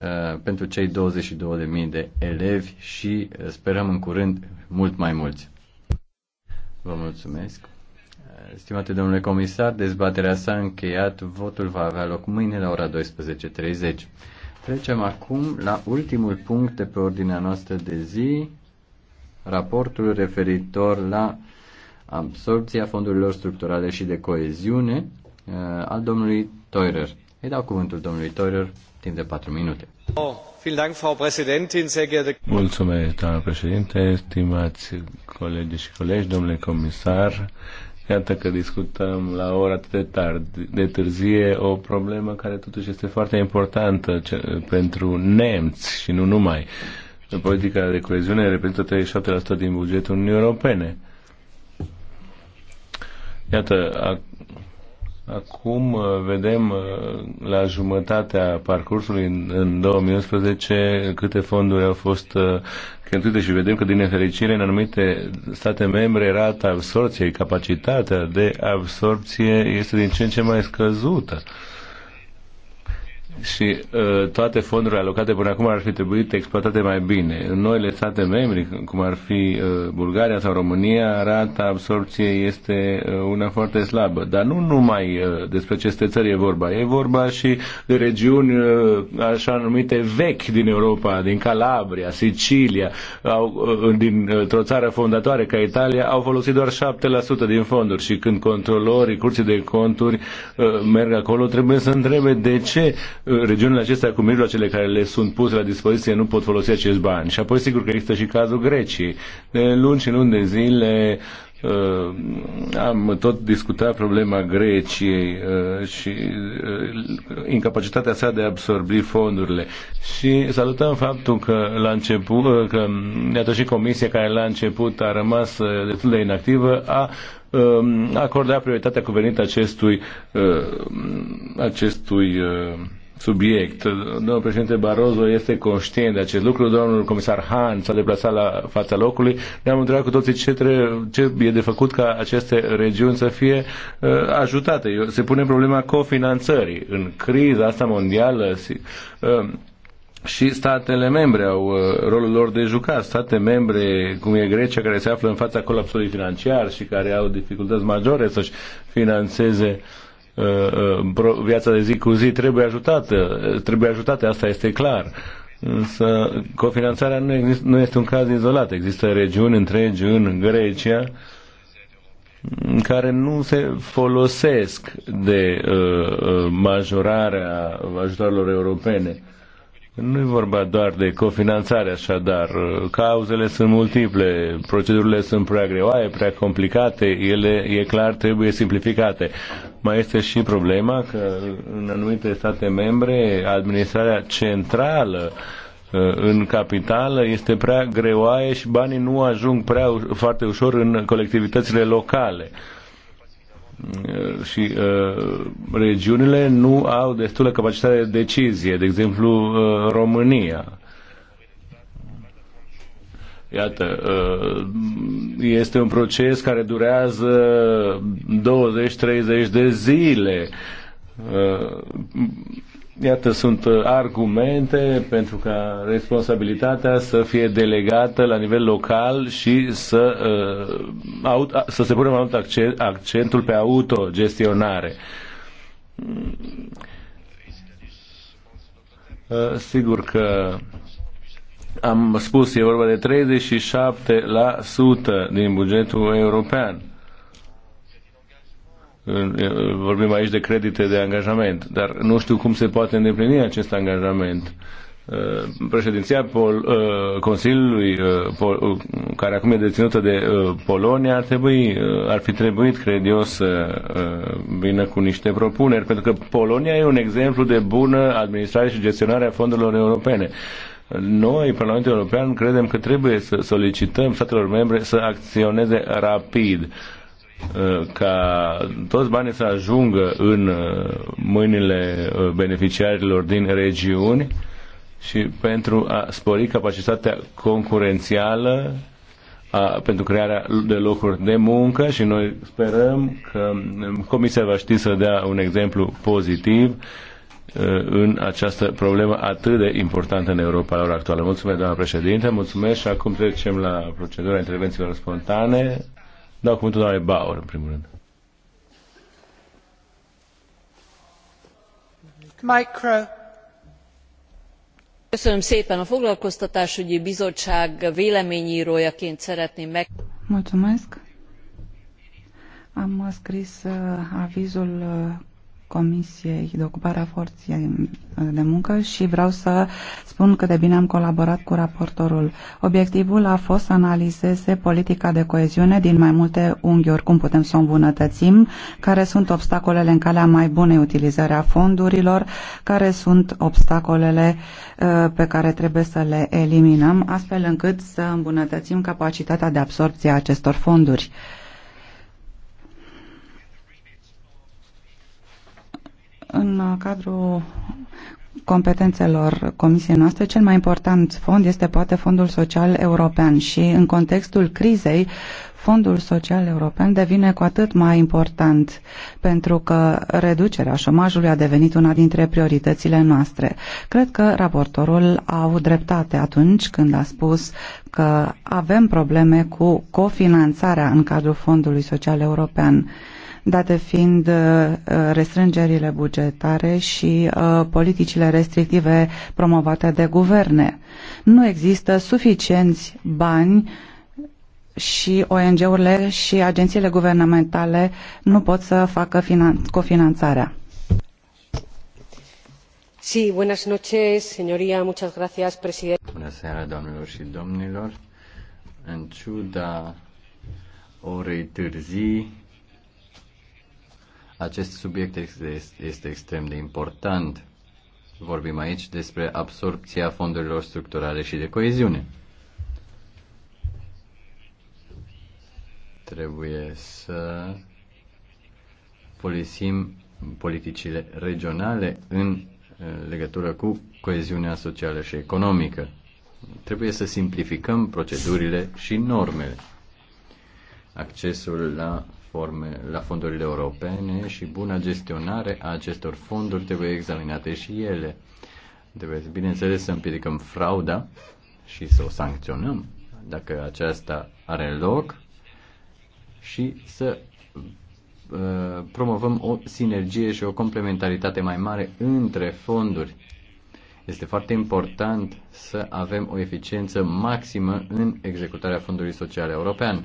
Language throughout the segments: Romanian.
Uh, pentru cei 22.000 de elevi și uh, sperăm în curând mult mai mulți. Vă mulțumesc. Uh, stimate domnule comisar, dezbaterea s-a încheiat. Votul va avea loc mâine la ora 12.30. Trecem acum la ultimul punct de pe ordinea noastră de zi, raportul referitor la absorpția fondurilor structurale și de coeziune al domnului Teurer. Îi dau cuvântul domnului Teurer timp de 4 minute. Oh, Mulțumesc, doamnă președinte, stimați colegi și colegi, domnule comisar. Iată că discutăm la ora atât de tard, de târzie, o problemă care totuși este foarte importantă pentru nemți și nu numai. Politica de coeziune reprezintă 37% din bugetul Uniunii Europene. Iată, Acum uh, vedem uh, la jumătatea parcursului în, 2011 câte fonduri au fost uh, cheltuite și vedem că din nefericire în anumite state membre rata absorției, capacitatea de absorție este din ce în ce mai scăzută și uh, toate fondurile alocate până acum ar fi trebuit exploatate mai bine. În noile state membri, cum ar fi uh, Bulgaria sau România, rata absorpției este uh, una foarte slabă. Dar nu numai uh, despre aceste țări e vorba. E vorba și de regiuni uh, așa numite vechi din Europa, din Calabria, Sicilia, au, uh, dintr-o uh, țară fondatoare ca Italia, au folosit doar 7% din fonduri și când controlorii curții de conturi uh, merg acolo, trebuie să întrebe de ce regiunile acestea cu mijloacele care le sunt puse la dispoziție nu pot folosi acești bani. Și apoi sigur că există și cazul Greciei. De luni și luni de zile uh, am tot discutat problema Greciei uh, și uh, incapacitatea sa de a absorbi fondurile. Și salutăm faptul că la început, uh, că iată și comisia care la început a rămas uh, destul de inactivă a acorda um, acordat prioritatea cuvenită acestui uh, acestui uh, subiect. Domnul președinte Barroso este conștient de acest lucru, domnul comisar Han s-a deplasat la fața locului, ne-am întrebat cu toții ce, trebuie, ce e de făcut ca aceste regiuni să fie uh, ajutate. Se pune problema cofinanțării. În criza asta mondială uh, și statele membre au uh, rolul lor de jucat. State membre, cum e Grecia, care se află în fața colapsului financiar și care au dificultăți majore să-și financeze uh, Uh, uh, viața de zi cu zi trebuie ajutată, trebuie ajutată, asta este clar. Însă cofinanțarea nu, exist, nu este un caz izolat. Există regiuni întregi în Grecia în care nu se folosesc de uh, uh majorarea ajutorilor europene. Uh, nu e vorba doar de cofinanțare, așadar. Cauzele sunt multiple, procedurile sunt prea greoaie, prea complicate, ele, e clar, trebuie simplificate. Mai este și problema că în anumite state membre administrarea centrală uh, în capitală este prea greoaie și banii nu ajung prea, foarte ușor în colectivitățile locale. Eh, și uh, regiunile nu au destulă capacitate de decizie, de exemplu uh, România. Iată, uh, este un proces care durează 20-30 de zile. Uh, Iată, sunt uh, argumente pentru ca responsabilitatea să fie delegată la nivel local și să, uh, să se pună mai mult accent, accentul pe autogestionare. Mm. Uh, sigur că am spus, e vorba de 37% din bugetul european vorbim aici de credite de angajament, dar nu știu cum se poate îndeplini acest angajament. Uh, președinția Pol, uh, Consiliului, uh, Pol, care acum e deținută de Polonia, ar, trebui, ar fi trebuit, cred eu, să vină cu niște propuneri, pentru că Polonia e un exemplu de bună administrare și gestionare a fondurilor europene. Noi, Parlamentul European, credem că trebuie să solicităm statelor membre să acționeze rapid Uh, ca toți banii să ajungă în uh, mâinile uh, beneficiarilor din regiuni și pentru a spori capacitatea concurențială a, pentru crearea de locuri de muncă și noi sperăm că um, Comisia va ști să dea un exemplu pozitiv în această problemă atât de importantă în Europa la ora actuală. Mulțumesc, doamna președinte, mulțumesc și acum trecem la procedura intervențiilor spontane. Da, cuvântul doamnei Bauer, în primul rând. Micro. Köszönöm szépen. A Foglalkoztatásügyi Bizottság véleményírójaként szeretném meg... Mulțumesc. Am scris uh, avizul uh, Comisiei de Ocupare a Forței de Muncă și vreau să spun cât de bine am colaborat cu raportorul. Obiectivul a fost să analizeze politica de coeziune din mai multe unghiuri, cum putem să o îmbunătățim, care sunt obstacolele în calea mai bunei utilizări a fondurilor, care sunt obstacolele uh, pe care trebuie să le eliminăm, astfel încât să îmbunătățim capacitatea de absorpție a acestor fonduri. În cadrul competențelor comisiei noastre, cel mai important fond este poate Fondul Social European și în contextul crizei, Fondul Social European devine cu atât mai important pentru că reducerea șomajului a devenit una dintre prioritățile noastre. Cred că raportorul a avut dreptate atunci când a spus că avem probleme cu cofinanțarea în cadrul Fondului Social European date fiind uh, restrângerile bugetare și uh, politicile restrictive promovate de guverne. Nu există suficienți bani și ONG-urile și agențiile guvernamentale nu pot să facă cofinanțarea. Sí, buenas noches, señoría. Muchas gracias, presidente. Bună seara, doamnelor și domnilor. În ciuda orei târzii, acest subiect este, extrem de important. Vorbim aici despre absorpția fondurilor structurale și de coeziune. Trebuie să folosim politicile regionale în legătură cu coeziunea socială și economică. Trebuie să simplificăm procedurile și normele. Accesul la reforme la fondurile europene și buna gestionare a acestor fonduri trebuie examinate și ele. Trebuie, bineînțeles, să împiedicăm frauda și să o sancționăm dacă aceasta are loc și să uh, promovăm o sinergie și o complementaritate mai mare între fonduri. Este foarte important să avem o eficiență maximă în executarea Fondului Social European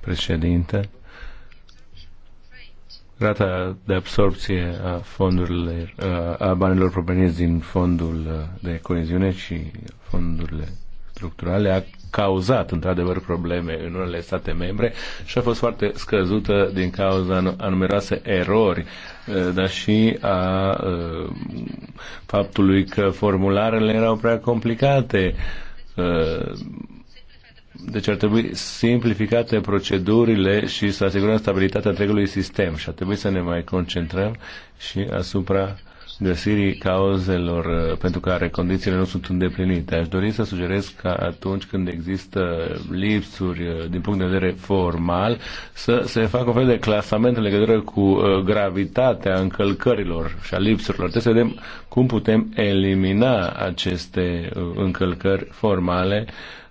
președinte. Rata de absorpție a fondurilor, a banilor proveniți din fondul de coeziune și fondurile structurale a cauzat într-adevăr probleme în unele state membre și a fost foarte scăzută din cauza a numeroase erori, dar și a faptului că formularele erau prea complicate deci ar trebui simplificate procedurile și să asigurăm stabilitatea întregului sistem și ar trebui să ne mai concentrăm și asupra găsirii cauzelor uh, pentru care condițiile nu sunt îndeplinite. Aș dori să sugerez că atunci când există lipsuri uh, din punct de vedere formal să se facă un fel de clasament în legătură cu uh, gravitatea încălcărilor și a lipsurilor. Trebuie să vedem cum putem elimina aceste încălcări formale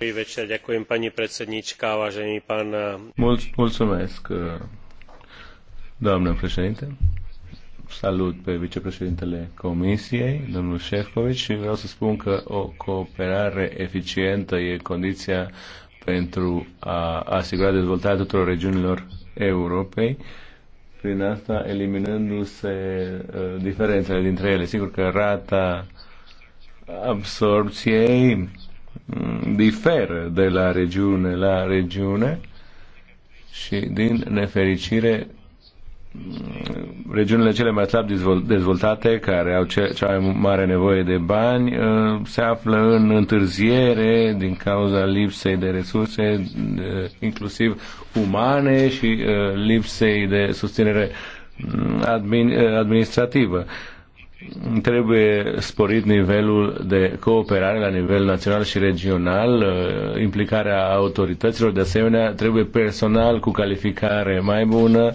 Eh, mulțumesc, eh, președinte. Salut pe vicepreședintele Comisiei, domnul Șefcovici, și vreau să spun că o cooperare eficientă e condiția pentru a asigura dezvoltarea tuturor regiunilor Europei prin asta eliminându-se uh, diferențele dintre ele. Sigur că rata absorpției Mm, diferă de la regiune la regiune și din nefericire mm, regiunile cele mai slab dezvoltate, care au cea mai mare nevoie de bani, uh, se află în întârziere din cauza lipsei de resurse, inclusiv umane și uh, lipsei de susținere mm, administrativă trebuie sporit nivelul de cooperare la nivel național și regional, uh, implicarea autorităților, de asemenea trebuie personal cu calificare mai bună,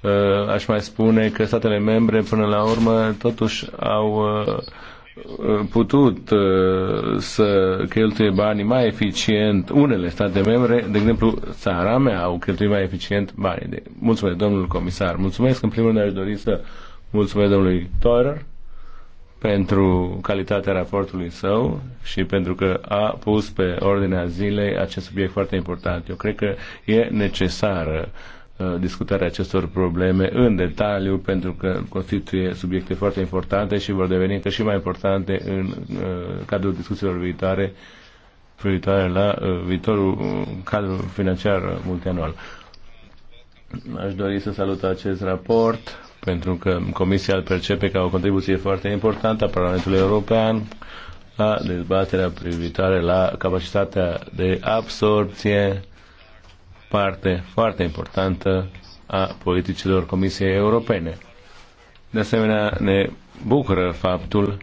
uh, aș mai spune că statele membre până la urmă totuși au uh, putut să cheltuie banii mai eficient unele state membre, de exemplu țara mea au cheltuit mai eficient banii. Mulțumesc, domnul comisar. Mulțumesc, în primul rând aș dori să mulțumesc domnului Torer pentru calitatea raportului său și pentru că a pus pe ordinea zilei acest subiect foarte important. Eu cred că e necesară uh, discutarea acestor probleme în detaliu pentru că constituie subiecte foarte importante și vor deveni încă și mai importante în uh, cadrul discuțiilor viitoare privitoare la uh, viitorul cadru financiar multianual. Aș dori să salut acest raport pentru că Comisia îl percepe ca o contribuție foarte importantă a Parlamentului European la dezbaterea privitoare la capacitatea de absorpție, parte foarte importantă a politicilor Comisiei Europene. De asemenea, ne bucură faptul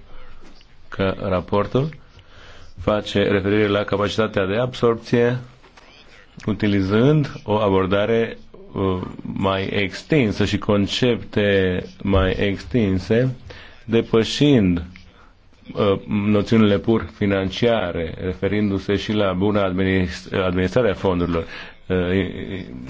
că raportul face referire la capacitatea de absorpție utilizând o abordare mai extinsă și concepte mai extinse, depășind uh, noțiunile pur financiare, referindu-se și la bună administrare a fondurilor, uh,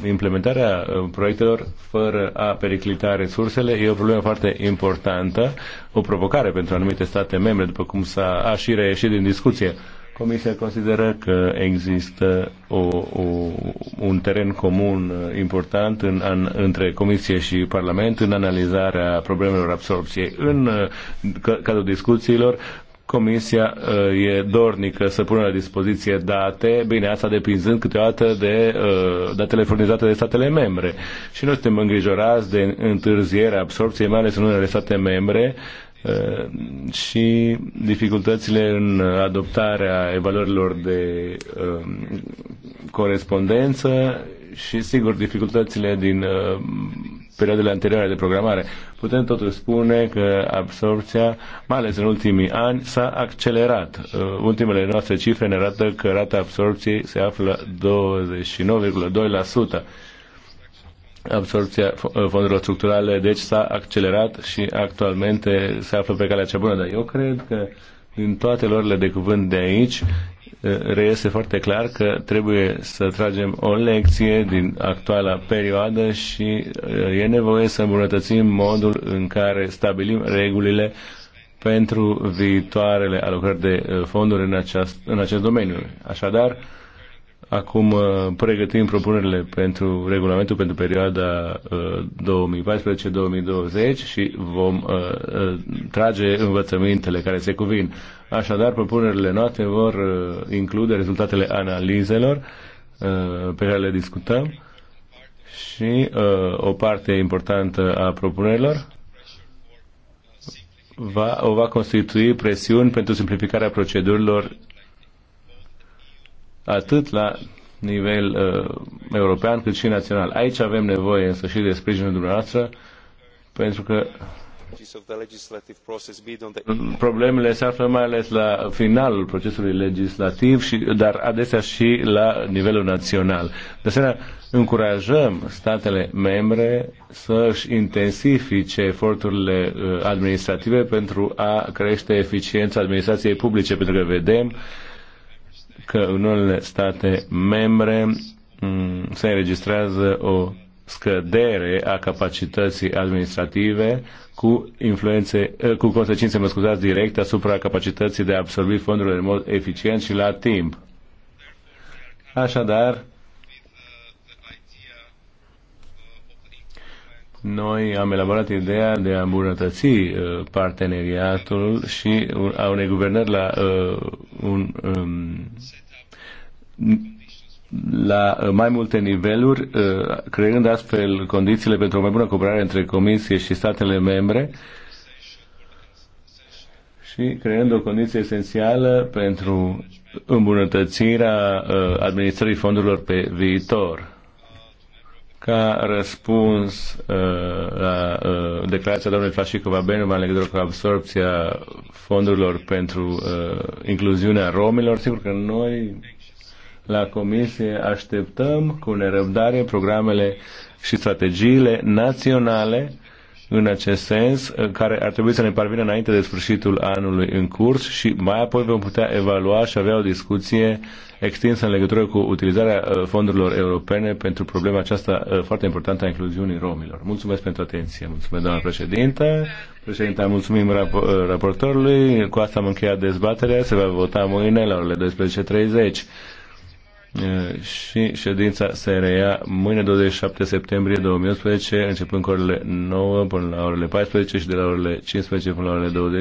implementarea uh, proiectelor fără a periclita resursele e o problemă foarte importantă, o provocare pentru anumite state membre, după cum s-a și reieșit din discuție. Comisia consideră că există o, o, un teren comun uh, important în, în, între Comisie și Parlament în analizarea problemelor absorpției. În uh, cadrul discuțiilor, Comisia uh, e dornică să pună la dispoziție date, bine, asta depinzând câteodată de uh, datele furnizate de statele membre. Și noi suntem îngrijorați de întârzierea absorpției, mai ales în unele state membre, uh, Eh, și dificultățile în adoptarea evaluărilor de eh, corespondență și, sigur, dificultățile din eh, perioadele anterioare de programare. Putem totuși spune că absorpția, mai ales în ultimii ani, s-a accelerat. Ultimele noastre cifre ne arată că rata absorpției se află 29,2% absorpția fondurilor structurale, deci s-a accelerat și actualmente se află pe calea cea bună, dar eu cred că din toate lorile de cuvânt de aici eh, reiese foarte clar că trebuie să tragem o lecție din actuala perioadă și eh, e nevoie să îmbunătățim modul în care stabilim regulile pentru viitoarele alocări de eh, fonduri în acest, în acest domeniu. Așadar, Acum uh, pregătim propunerile pentru regulamentul pentru perioada 2014-2020 uh, și vom uh, trage învățămintele care se cuvin. Așadar, propunerile noastre vor include rezultatele analizelor pe care le discutăm și o parte importantă a propunerilor va, o va constitui presiuni pentru simplificarea procedurilor atât la nivel uh, european cât și național. Aici avem nevoie însă și de sprijinul dumneavoastră pentru că problemele se află mai ales la finalul procesului legislativ, și, dar adesea și la nivelul național. De asemenea, încurajăm statele membre să-și intensifice eforturile uh, administrative pentru a crește eficiența administrației publice, pentru că vedem uh, că în unele state membre mm, se înregistrează o scădere a capacității administrative cu influențe, eh, cu consecințe, mă scuzați, directe asupra capacității de a absorbi fondurile în mod eficient și la timp. Așadar, Noi am elaborat ideea de a îmbunătăți uh, parteneriatul și a unei guvernări la uh, un, um, la uh, mai multe niveluri, creând astfel condițiile pentru o mai bună cooperare între Comisie și statele membre și creând o condiție esențială pentru îmbunătățirea administrării fondurilor pe viitor ca răspuns uh, la uh, declarația domnului Flașicova Benuma în legătură cu absorpția fondurilor pentru uh, incluziunea romilor, sigur că noi la Comisie așteptăm cu nerăbdare programele și strategiile naționale uh, în acest sens, care ar trebui să ne parvină înainte de sfârșitul anului în curs și mai apoi vom putea evalua și avea o discuție extinsă în legătură cu utilizarea uh, fondurilor europene pentru problema aceasta uh, foarte importantă a incluziunii romilor. Mulțumesc pentru atenție. Mulțumesc, doamna președinte. Președinte, mulțumim rap- uh, raportorului. Cu asta am încheiat dezbaterea. Se va vota mâine la orele 12.30 și ședința se reia mâine 27 septembrie 2011, începând cu orele 9 până la orele 14 și de la orele 15 până la orele 20.